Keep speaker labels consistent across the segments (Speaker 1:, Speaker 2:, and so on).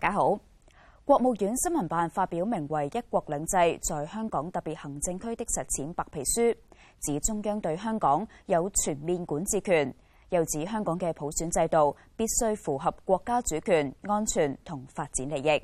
Speaker 1: 大家好，國務院新聞辦發表名為《一國兩制在香港特別行政區的實踐》白皮書，指中央對香港有全面管治權，又指香港嘅普選制度必須符合國家主權、安全同發展利益。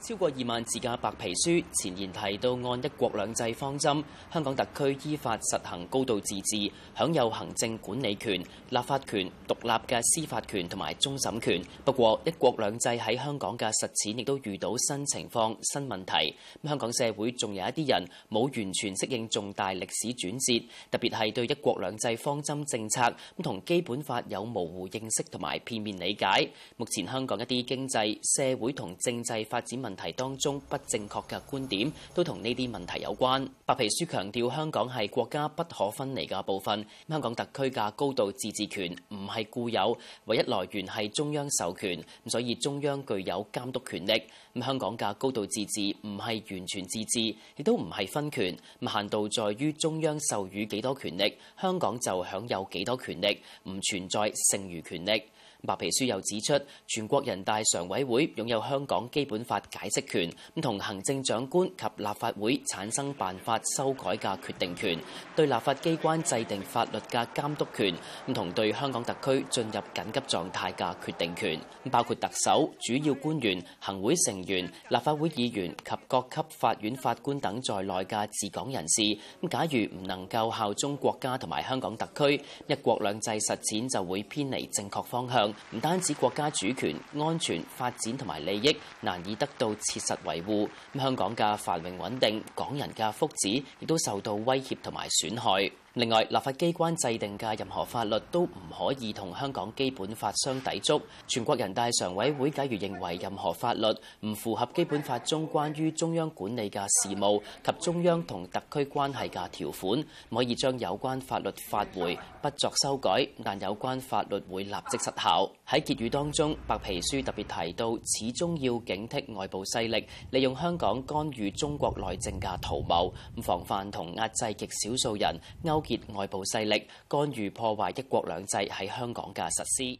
Speaker 2: 超過二萬字嘅白皮書，前言提到按一國兩制方針，香港特區依法實行高度自治，享有行政管理權、立法權、獨立嘅司法權同埋終審權。不過，一國兩制喺香港嘅實踐亦都遇到新情況、新問題。香港社會仲有一啲人冇完全適應重大歷史轉折，特別係對一國兩制方針政策同基本法有模糊認識同埋片面理解。目前香港一啲經濟、社會同政制發展問問題當中不正確嘅觀點，都同呢啲問題有關。白皮書強調香港係國家不可分離嘅部分，香港特區嘅高度自治權唔係固有，唯一來源係中央授權，所以中央具有監督權力。咁香港嘅高度自治唔係完全自治，亦都唔係分權，唔限度在於中央授予幾多權力，香港就享有幾多權力，唔存在剩餘權力。白皮書又指出，全國人大常委會擁有香港基本法解釋權，唔同行政長官及立法會產生辦法修改嘅決定權，對立法機關制定法律嘅監督權，唔同對香港特區進入緊急狀態嘅決定權，包括特首、主要官員、行會成員、立法會議員及各級法院法官等在內嘅治港人士，假如唔能夠效忠國家同埋香港特區，一國兩制實踐就會偏離正確方向。唔單止國家主權、安全、發展同埋利益難以得到切實維護，香港嘅繁榮穩定、港人嘅福祉亦都受到威脅同埋損害。另外，立法機關制定嘅任何法律都唔可以同香港基本法相抵觸。全國人大常委會假如認為任何法律唔符合基本法中關於中央管理嘅事務及中央同特區關係嘅條款，可以將有關法律發回，不作修改，但有關法律會立即失效。喺結語當中，白皮書特別提到，始終要警惕外部勢力利用香港干預中國內政嘅圖謀，唔防範同壓制極少數人勾勾結外部勢力，干預破壞一國兩制喺香港嘅實施。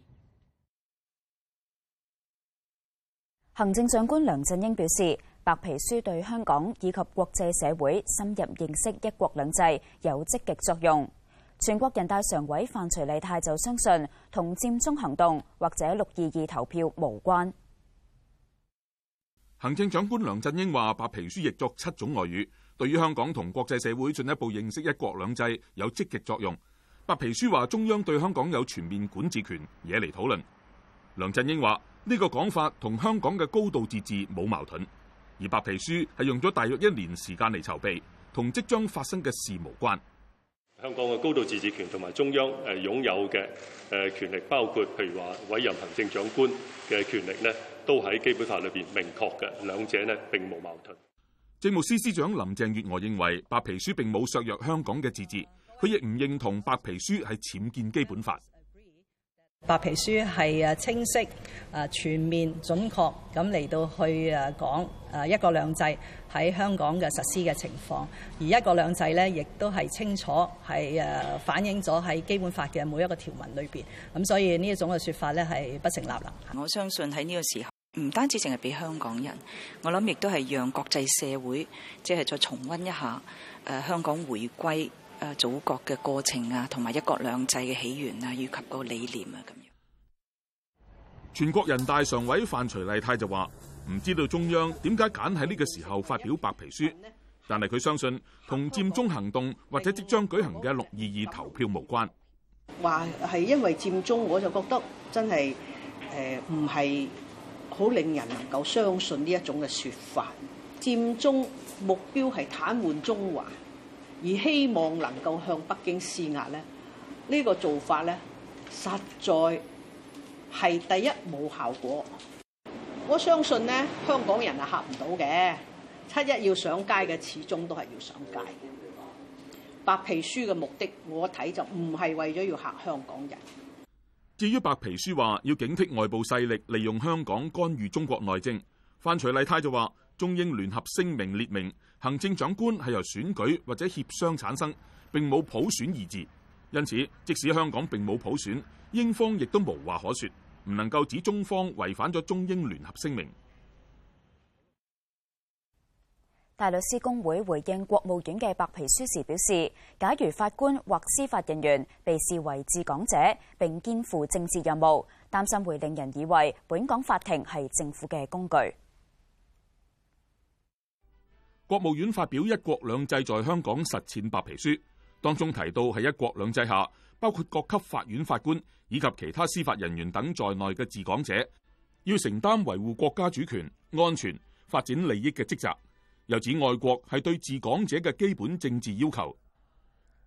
Speaker 1: 行政長官梁振英表示，白皮書對香港以及國際社會深入認識一國兩制有積極作用。全國人大常委范徐麗泰就相信，同佔中行動或者六二二投票無關。
Speaker 3: 行政長官梁振英話：白皮書譯作七種外語。對於香港同國際社會進一步認識一國兩制有積極作用。白皮書話中央對香港有全面管治權，惹嚟討論。梁振英話呢個講法同香港嘅高度自治冇矛盾，而白皮書係用咗大約一年時間嚟籌備，同即將發生嘅事無關。香港嘅高度自治權同埋中央誒擁有嘅誒權力，包括譬如話委任行政長官嘅權力呢，都喺基本法裏面明確嘅，兩者呢並冇矛盾。政務司司長林鄭月娥認為白皮書並冇削弱香港嘅自治，佢亦唔認同白皮書係僭建基本法。
Speaker 4: 白皮書係啊，清晰啊，全面準確咁嚟到去啊，講啊，一國兩制喺香港嘅實施嘅情況，而一國兩制咧，亦都係清楚係啊，反映咗喺基本法嘅每一個條文裏邊。咁所以呢一種嘅說法咧，係不成立啦。
Speaker 5: 我相信喺呢個時候。
Speaker 4: 唔單止淨係俾香港人，我諗亦都係讓國際社會即係再重溫一下誒香港回歸誒祖國嘅過程啊，同埋一國兩制嘅起源啊，
Speaker 6: 以及個理念啊咁樣。
Speaker 3: 全國人大常委范徐麗泰就話：唔知道中央點解揀喺呢個時候發表白皮書，但係佢相信同佔中行動或者即將舉行嘅六二二投票無關。
Speaker 6: 話係因為佔中，我就覺得真係誒唔係。好令人能夠相信呢一種嘅說法，佔中目標係癱瘓中環，而希望能夠向北京施壓咧，呢個做法咧，實在係第一冇效果。我相信咧，香港人係嚇唔到嘅。七一要上街嘅，始終都係要上街嘅。白皮書嘅目的，我睇就唔係為咗要嚇香港人。
Speaker 3: 至於白皮書話要警惕外部勢力利用香港干預中國內政，范徐麗泰就話中英聯合聲明列明行政長官係由選舉或者協商產生，並冇普選二字。因此，即使香港並冇普選，英方亦都無話可說，唔能夠指中方違反咗中英聯合聲明。
Speaker 1: 大律師公會回應國務院嘅白皮書時表示，假如法官或司法人員被視為治港者，並肩負政治任務，擔心會令人以為本港法庭係政府嘅工
Speaker 3: 具。國務院發表《一國兩制在香港實踐白皮書》，當中提到喺「一國兩制」下，包括各級法院法官以及其他司法人員等在內嘅治港者，要承擔維護國家主權、安全、發展利益嘅職責。又指愛國係對治港者嘅基本政治要求，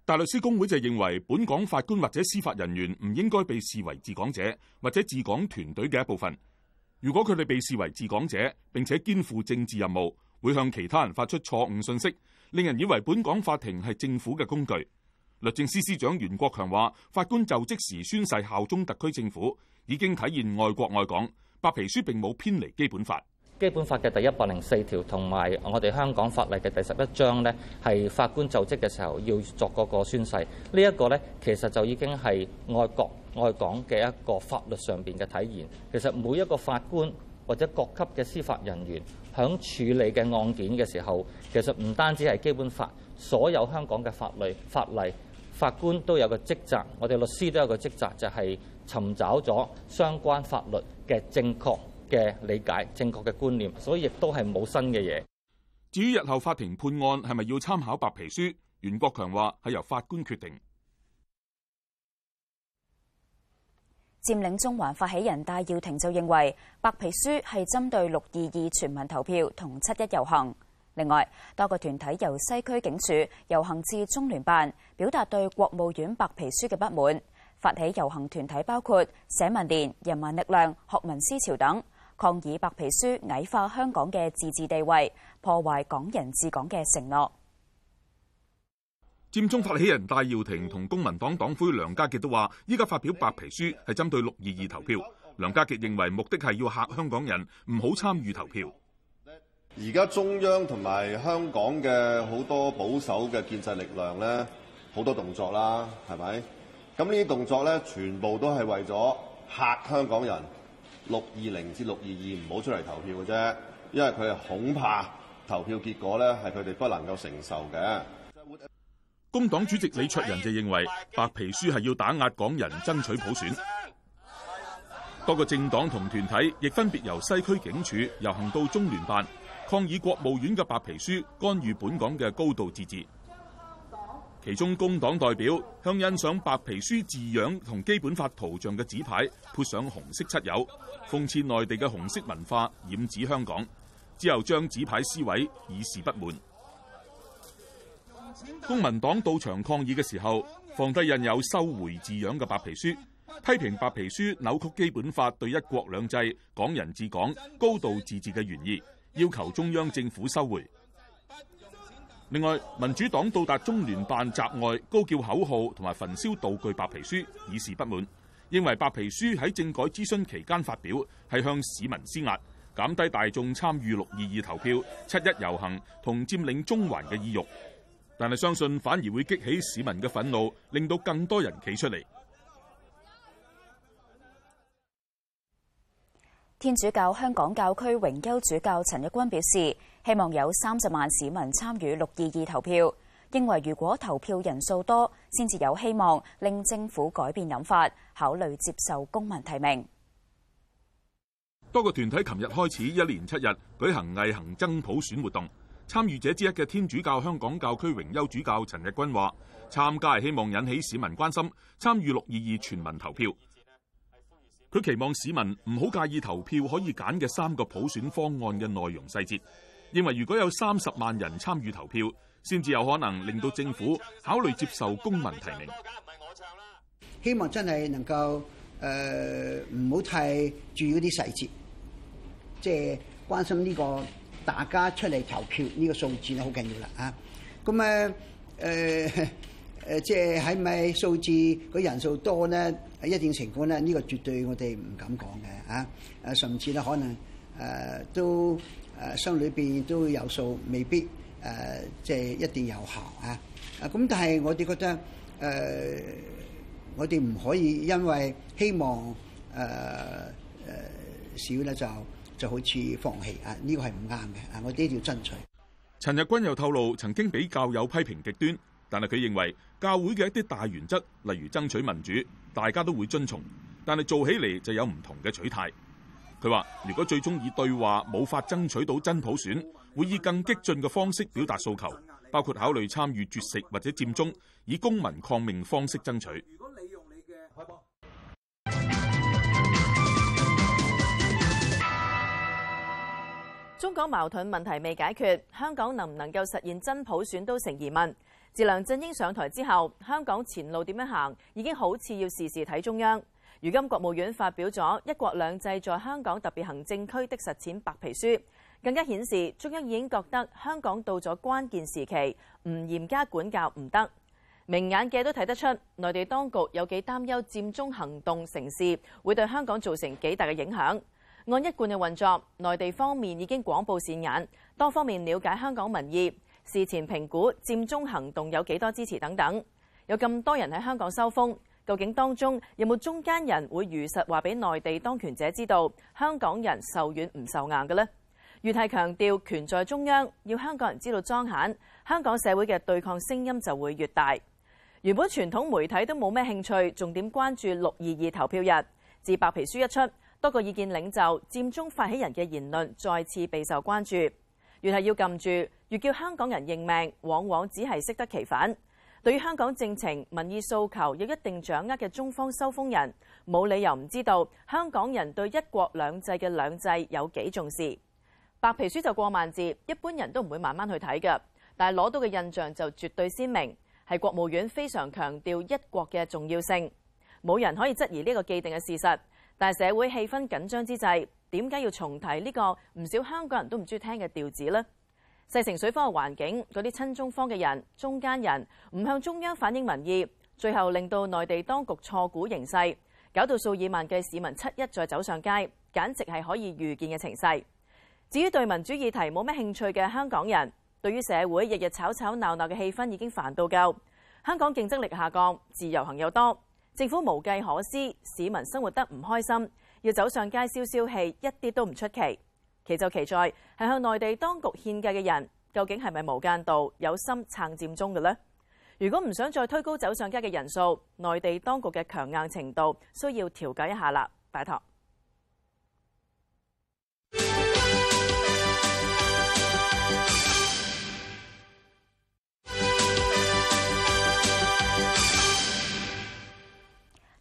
Speaker 3: 大律師公會就認為本港法官或者司法人員唔應該被視為治港者或者治港團隊嘅一部分。如果佢哋被視為治港者，並且肩負政治任務，會向其他人發出錯誤信息，令人以為本港法庭係政府嘅工具。律政司司長袁國強話，法官就職時宣誓效忠特區政府，已經體現愛國愛港。白皮書並冇偏離基本法。基本法嘅第一百零四條同埋我哋香港法例嘅第十一章呢，係法官就職嘅時候要作嗰個宣誓。呢一個呢，其實就已經係愛國
Speaker 2: 愛港嘅一個法律上面嘅體現。其實每一個法官或者各級
Speaker 3: 嘅司法人員響處理嘅案件嘅時候，其實唔單止係基本法，所有香港嘅法律法例，法官都有個職責，我哋律師都有個職責，就係尋找咗相關法律嘅正確嘅理解正確嘅觀念，所以亦都係冇新嘅嘢。至於日後法庭判案係咪要參考白皮書？袁國強話係由法官決定。
Speaker 1: 佔領中環發起人戴耀廷就認為白皮書係針對六二二全民投票同七一遊行。另外，多個團體由西區警署遊行至中聯辦，表達對國務院白皮書嘅不滿。發起遊行團體包括社民連、人民力量、學民思潮等。抗議白皮書矮化香港嘅自治地位，破壞港人治港嘅承諾。
Speaker 3: 佔中發起人戴耀廷同公民黨黨魁梁家傑都話依家發表白皮書係針對六二二投票。梁家傑認為目的係要吓香港人唔好參與投票。
Speaker 2: 而家中央同埋香港嘅好多保守嘅建制力量咧，好多動作啦，係咪？咁呢啲動作咧，全部都係為咗吓香港人。六二零至六二二唔好出嚟投票
Speaker 3: 嘅啫，因為佢係恐怕投票結果咧，係佢哋不能夠承受嘅。工黨主席李卓人就認為白皮書係要打壓港人爭取普選。多個政黨同團體亦分別由西區警署遊行到中聯辦抗議國務院嘅白皮書干預本港嘅高度自治。其中工黨代表向印上白皮書字樣同基本法圖像嘅紙牌潑上紅色漆油，諷刺內地嘅紅色文化染指香港，之後將紙牌撕毀以示不滿。公民黨到場抗議嘅時候，放低印有收回字樣嘅白皮書，批評白皮書扭曲基本法對一國兩制、港人治港、高度自治嘅原意，要求中央政府收回。另外，民主黨到達中聯辦閘外高叫口號同埋焚燒道具白皮書，以示不滿，認為白皮書喺政改諮詢期間發表，係向市民施壓，減低大眾參與六二二投票、七一遊行同佔領中環嘅意欲。但係相信反而會激起市民嘅憤怒，令到更多人企出嚟。
Speaker 1: 天主教香港教區榮休主教陳日君表示，希望有三十萬市民參與六二二投票，認為如果投票人數多，先至有希望令政府改變諗法，考慮接受公民提名。
Speaker 3: 多個團體琴日開始一連七日舉行毅行爭普選活動，參與者之一嘅天主教香港教區榮休主教陳日君話，參加係希望引起市民關心，參與六二二全民投票。佢期望市民唔好介意投票可以揀嘅三個普選方案嘅內容細節，認為如果有三十萬人參與投票，先至有可能令到政府考慮接受公民提名。希望真係能夠誒，唔好太注意嗰啲細節，即係關心呢個大家出嚟投票呢個數字咧，好緊要啦吓，咁誒誒。誒即係係咪數字個人數多咧，係一定情況咧，呢、這個絕對我哋唔敢講嘅啊。誒、啊、甚至咧可能誒、呃、都誒心裏邊都有數，未必誒、呃、即係一定有效啊。誒、啊、咁但係我哋覺得誒、呃、我哋唔可以因為希望誒誒少咧就就好似放棄啊，呢、這個係唔啱嘅啊，我哋一定要爭取。陳日君又透露，曾經比較有批評極端，但係佢認為。教會嘅一啲大原則，例如爭取民主，大家都會遵從，但係做起嚟就有唔同嘅取態。佢話，如果最終以對話冇法爭取到真普選，會以更激進嘅方式表達訴求，包括考慮參與絕食或者佔中，以公民抗命方式爭取。
Speaker 6: 中港矛盾問題未解決，香港能唔能夠實現真普選都成疑問。自梁振英上台之後，香港前路點樣行已經好似要時時睇中央。如今國務院發表咗《一國兩制在香港特別行政區的實踐白皮書》，更加顯示中央已經覺得香港到咗關鍵時期，唔嚴加管教唔得。明眼嘅都睇得出，內地當局有幾擔憂佔中行動成事會對香港造成幾大嘅影響。按一貫嘅運作，內地方面已經廣布線眼，多方面了解香港民意。事前評估佔中行動有幾多支持等等，有咁多人喺香港收風，究竟當中有冇中間人會如實話俾內地當權者知道香港人受軟唔受硬嘅呢？越係強調權在中央，要香港人知道莊閒，香港社會嘅對抗聲音就會越大。原本傳統媒體都冇咩興趣，重點關注六二二投票日，自白皮書一出，多個意見領袖佔中發起人嘅言論再次備受關注。越係要撳住，越叫香港人認命，往往只係適得其反。對於香港政情、民意訴求，有一定掌握嘅中方收風人，冇理由唔知道香港人對一國兩制嘅兩制有幾重視。白皮書就過萬字，一般人都唔會慢慢去睇㗎，但係攞到嘅印象就絕對鮮明，係國務院非常強調一國嘅重要性，冇人可以質疑呢個既定嘅事實。但係社會氣氛緊張之際，點解要重提呢個唔少香港人都唔中意聽嘅調子呢？勢成水火嘅環境，嗰啲親中方嘅人、中間人唔向中央反映民意，最後令到內地當局錯估形勢，搞到數以萬計市民七一再走上街，簡直係可以預見嘅情勢。至於對民主議題冇咩興趣嘅香港人，對於社會日日吵吵鬧鬧嘅氣氛已經煩到夠，香港競爭力下降，自由行又多，政府無計可施，市民生活得唔開心。要走上街消消氣，一啲都唔出奇，奇，奇。奇就奇在係向內地當局獻計嘅人，究竟係咪無間道有心撐佔中嘅呢？如果唔想再推高走上街嘅人數，內地當局嘅強硬程度需要調解一下啦，拜託。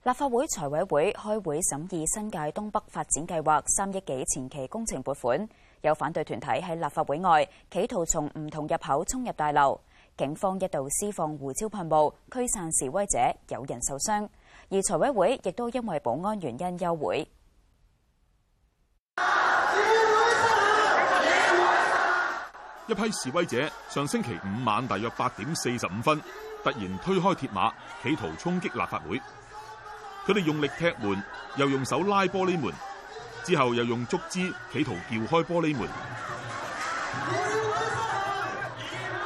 Speaker 1: 立法會財委會開會審議新界東北發展計劃三億幾前期工程撥款，有反對團體喺立法會外企圖從唔同入口衝入大樓，警方一度施放胡椒噴霧驅散示威者，有人受傷。而財委會亦都因為保安原因休會。
Speaker 3: 一批示威者上星期五晚大約八點四十五分突然推開鐵馬，企圖衝擊立法會。佢哋用力踢門，又用手拉玻璃門，之後又用竹枝企圖撬開玻璃門。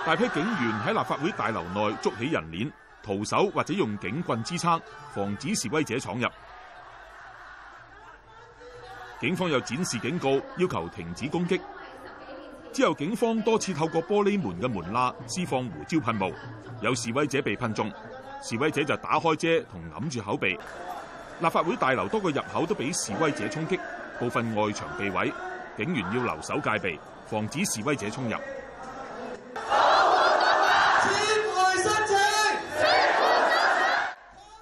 Speaker 3: 大批警員喺立法會大樓內捉起人鏈，徒手或者用警棍支撐，防止示威者闖入。警方又展示警告，要求停止攻擊。之後，警方多次透過玻璃門嘅門罅施放胡椒噴霧，有示威者被噴中。示威者就打開遮同揞住口鼻，立法會大樓多個入口都俾示威者衝擊，部分外牆被毀，警員要留守戒備，防止示威者衝入。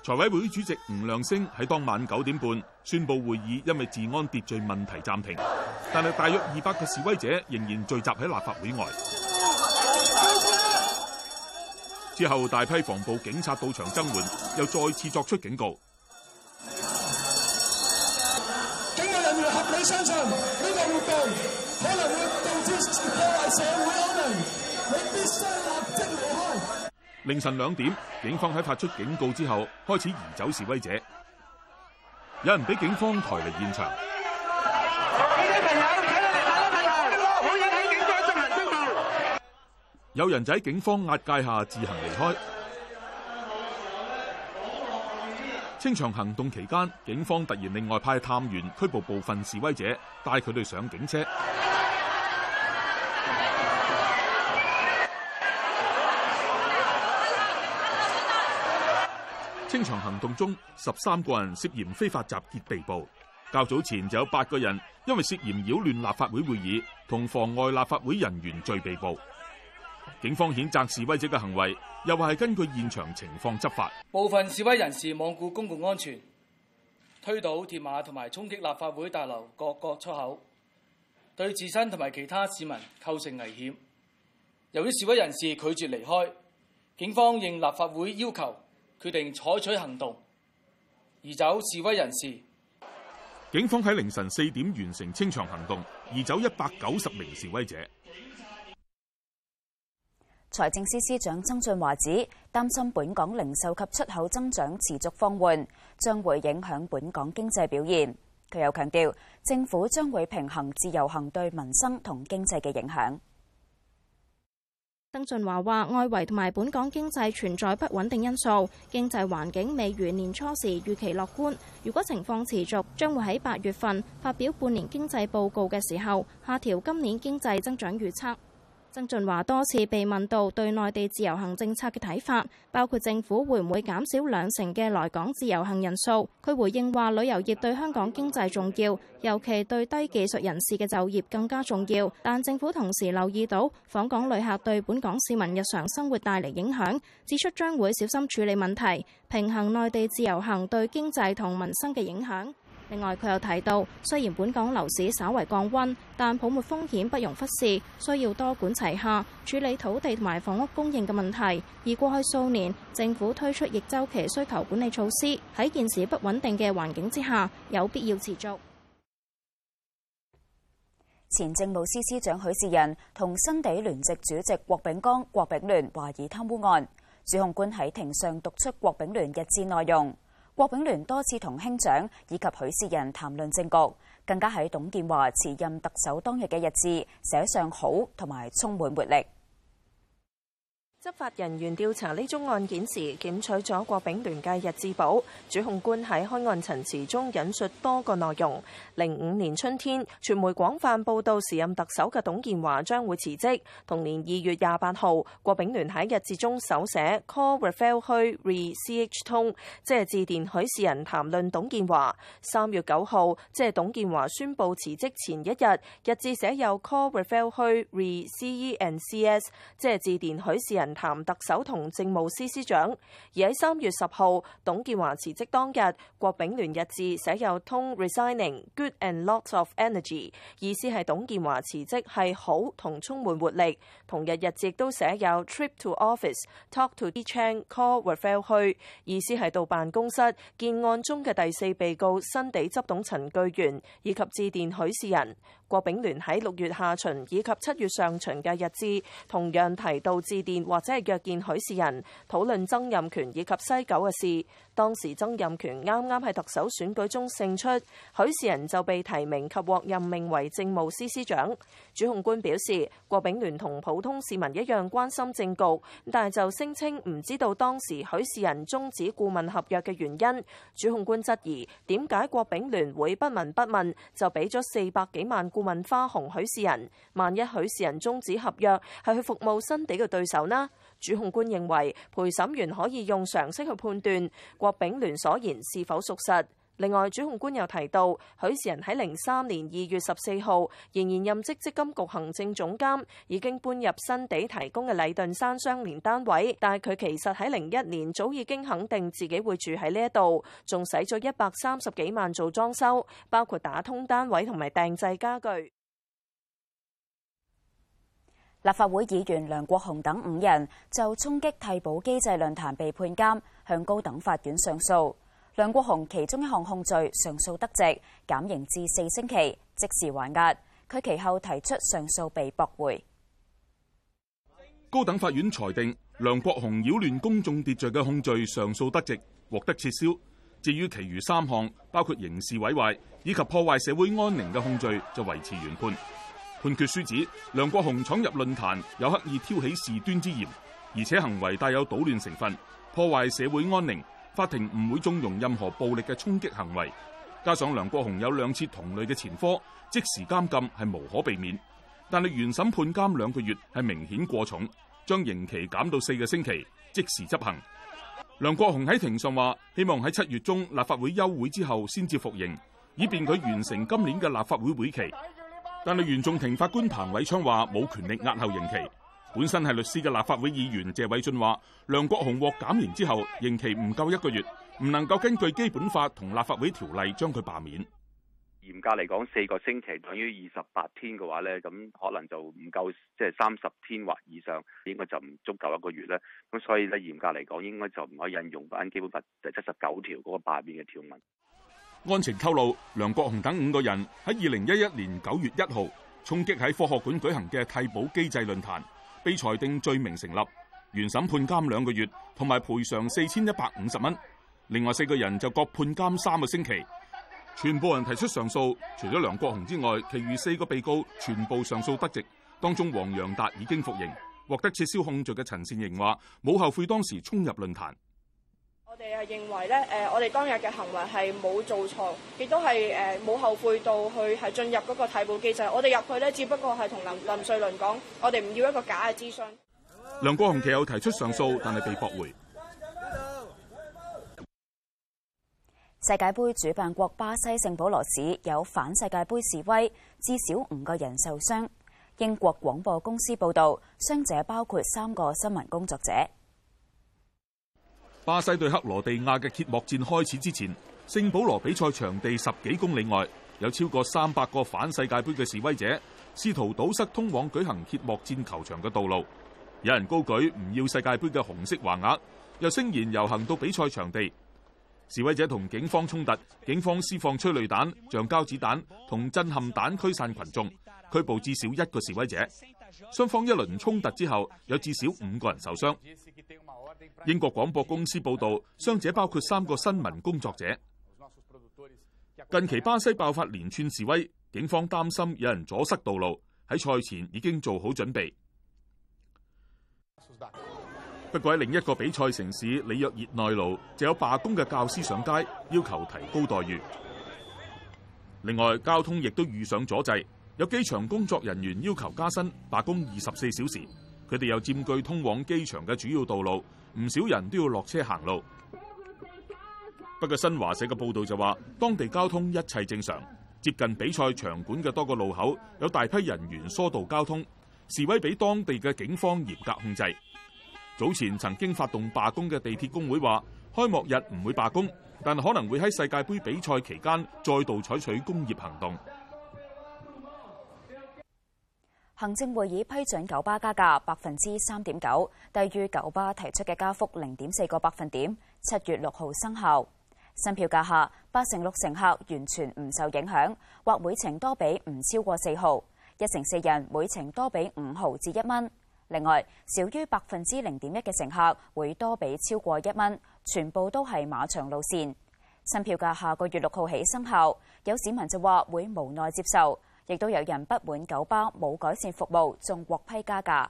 Speaker 3: 財委會主席吳亮星喺當晚九點半宣佈會議因為治安秩序問題暫停，但係大約二百個示威者仍然聚集喺立法會外。之後大批防暴警察到場增援，又再次作出警告。
Speaker 2: 警務人員合理相信，呢個活動可能會導致破壞社會安寧，你必須立即離開。
Speaker 3: 凌晨兩點，警方喺發出警告之後，開始移走示威者，有人俾警方抬離現場。有人在警方押解下自行離開。清場行動期間，警方突然另外派探員拘捕部分示威者，帶佢哋上警車。清場行動中，十三個人涉嫌非法集結被捕。較早前就有八個人因為涉嫌擾亂立法會會議同妨礙立法會人員罪被捕。警方譴責示威者嘅行為，又話係根據現場情況執法。
Speaker 2: 部分示威人士罔顧公共安全，推倒鐵馬同埋衝擊立法會大樓各個出口，對自身同埋其他市民構成危險。由於示威人士拒絕離開，警方應立法會要求，決定採取行動，移走示
Speaker 3: 威人士。警方喺凌晨四點完成清場行動，移走一百九十名示威者。
Speaker 1: 財政司司長曾俊華指，擔心本港零售及出口增長持續放緩，將會影響本港經濟表現。佢又強調，政府將會平衡自由行對民生同經濟嘅影響。
Speaker 5: 曾俊華話，外圍同埋本港經濟存在不穩定因素，經濟環境未如年初時預期樂觀。如果情況持續，將會喺八月份發表半年經濟報告嘅時候，下調今年經濟增長預測。曾俊華多次被問到對內地自由行政策嘅睇法，包括政府會唔會減少兩成嘅來港自由行人數。佢回應話：旅遊業對香港經濟重要，尤其對低技術人士嘅就業更加重要。但政府同時留意到訪港旅客對本港市民日常生活帶嚟影響，指出將會小心處理問題，平衡內地自由行對經濟同民生嘅影響。另外，佢又提到，雖然本港樓市稍為降溫，但泡沫風險不容忽視，需要多管齊下處理土地同埋房屋供應嘅問題。而過去數年，政府推出逆周期需求管理措施，喺現時不穩定嘅環境之下，有必要持續。前政務
Speaker 1: 司司長許仕仁同新地聯席主席郭炳江、郭炳聯懷疑貪污案，主控官喺庭上讀出郭炳聯日誌內容。郭炳聯多次同兄長以及許仕仁談論政局，更加喺董建華辭任特首當日嘅日誌寫上好，同埋充滿活力。執法人員
Speaker 4: 調查呢宗案件時，檢取咗郭炳聯嘅日誌簿，主控官喺開案陳詞中引述多個內容。零五年春天，傳媒廣泛報道時任特首嘅董建華將會辭職。同年二月廿八號，郭炳聯喺日誌中手寫 call Rafael Hui re CH Tung，即係致電許仕仁談論董建華。三月九號，即係董建華宣布辭職前一日，日誌寫有 call Rafael Hui re CE and CS，即係致電許仕仁。談特首同政務司司長，而喺三月十號董建華辭職當日，郭炳聯日誌寫有 “Tung resigning good and lots of energy”，意思係董建華辭職係好同充滿活力。同日日誌亦都寫有 “trip to office talk to the chain call Rafael Hui”，意思係到辦公室見案中嘅第四被告新地執董陳巨源，以及致電許仕仁。郭炳聯喺六月下旬以及七月上旬嘅日誌同樣提到致電或即係約見許仕仁討論曾蔭權以及西九嘅事。當時曾蔭權啱啱喺特首選舉中勝出，許仕仁就被提名及獲任命為政務司司長。主控官表示，郭炳聯同普通市民一樣關心政局，但係就聲稱唔知道當時許仕仁終止顧問合約嘅原因。主控官質疑點解郭炳聯會不聞不問就俾咗四百幾萬顧問花紅許仕仁？萬一許仕仁終止合約係去服務新地嘅對手呢？主控官認為陪審員可以用常識去判斷郭炳聯所言是否屬實。另外，主控官又提到，許仕仁喺零三年二月十四號仍然任職積金局行政總監，已經搬入新地提供嘅禮頓山相連單位，但係佢其實喺零一年早已經肯定自己會住喺呢一度，仲使咗一百三十幾萬做裝修，包括打通單位同埋訂製家具。
Speaker 1: 立法會議員梁國雄等五人就衝擊替補機制論壇被判監，向高等法院上訴。梁國雄其中一項控罪上訴得直，減刑至四星期，即時還押。佢其後提出上訴被駁回。
Speaker 3: 高等法院裁定梁國雄擾亂公眾秩序嘅控罪上訴得直，獲得撤銷。至於其餘三項，包括刑事毀壞以及破壞社會安寧嘅控罪，就維持原判。判決書指梁國雄闖入論壇有刻意挑起事端之嫌，而且行為帶有搗亂成分，破壞社會安寧。法庭唔會縱容任何暴力嘅衝擊行為。加上梁國雄有兩次同類嘅前科，即時監禁係無可避免。但係原審判監兩個月係明顯過重，將刑期減到四個星期，即時執行。梁國雄喺庭上話：希望喺七月中立法會休會之後先至服刑，以便佢完成今年嘅立法會會期。但係原仲庭法官彭偉昌話冇權力押後刑期。本身係律師嘅立法會議員謝偉俊話，梁國雄獲減刑之後，刑期唔夠一個月，唔能夠根據基本法同立法會條例將佢罷免。嚴格嚟講，四個星期等於二十八天嘅話咧，咁可能就唔夠，即係三十天或以上，應該就唔足夠一個月咧。咁所以咧，嚴格嚟講，應該就唔可以引用翻基本法第七十九條嗰個罷免嘅條文。案情透露，梁國雄等五個人喺二零一一年九月一號衝擊喺科學館舉行嘅替補機制論壇，被裁定罪名成立，原審判監兩個月，同埋賠償四千一百五十蚊。另外四個人就各判監三個星期。全部人提出上訴，除咗梁國雄之外，其餘四個被告全部上訴得直。當中黃洋達已經服刑，獲得撤銷控罪嘅陳善盈話冇後悔當時衝入論壇。
Speaker 4: 我哋係認為咧，誒，我哋當日嘅行為係冇做錯，亦都係誒冇後悔到去係進入嗰個替補機制。我哋入去咧，只不過係同林林瑞麟講，我哋唔要一個假嘅諮詢。
Speaker 3: 梁國雄其後提出上訴，但係被駁回。
Speaker 1: 世界杯主辦國巴西聖保羅市有反世界杯示威，至少五個人受傷。英國廣播公司報道，傷者包括三個新聞工作者。
Speaker 3: 巴西對克羅地亞嘅揭幕戰開始之前，聖保羅比賽場地十幾公里外，有超過三百個反世界杯嘅示威者，試圖堵塞通往舉行揭幕戰球場嘅道路。有人高舉唔要世界杯嘅紅色橫額，又聲言遊行到比賽場地。示威者同警方衝突，警方施放催淚彈、橡膠子彈同震撼彈驅散群眾，拘捕至少一個示威者。雙方一輪衝突之後，有至少五個人受傷。英國廣播公司報道，傷者包括三個新聞工作者。近期巴西爆發連串示威，警方擔心有人阻塞道路，喺賽前已經做好準備。不過喺另一個比賽城市里約熱內盧，就有罷工嘅教師上街要求提高待遇。另外，交通亦都遇上阻滯。有機場工作人員要求加薪，罷工二十四小時。佢哋又佔據通往機場嘅主要道路，唔少人都要落車行路。不過新華社嘅報道就話，當地交通一切正常。接近比賽場館嘅多個路口有大批人員疏導交通，示威俾當地嘅警方嚴格控制。早前曾經發動罷工嘅地鐵工會話，開幕日唔會罷工，但可能會喺世界盃比賽期間再度採取工業行動。
Speaker 1: 行政會議批准九巴加價百分之三點九，低於九巴提出嘅加幅零點四個百分點。七月六號生效。新票價下，八成六乘客完全唔受影響，或每程多俾唔超過四毫；一成四人每程多俾五毫至一蚊。另外，少於百分之零點一嘅乘客會多俾超過一蚊，全部都係馬場路線。新票價下個月六號起生效。有市民就話會無奈接受。亦都有人不滿九巴冇改善服務，仲獲批加價。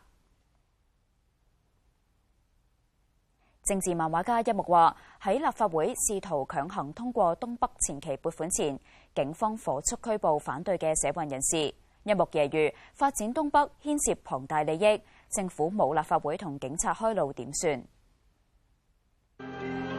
Speaker 1: 政治漫畫家一木話：喺立法會試圖強行通過東北前期撥款前，警方火速拘捕反對嘅社運人士。一木揶揄：發展東北牽涉龐大利益，政府冇立法會同警察開路點算？嗯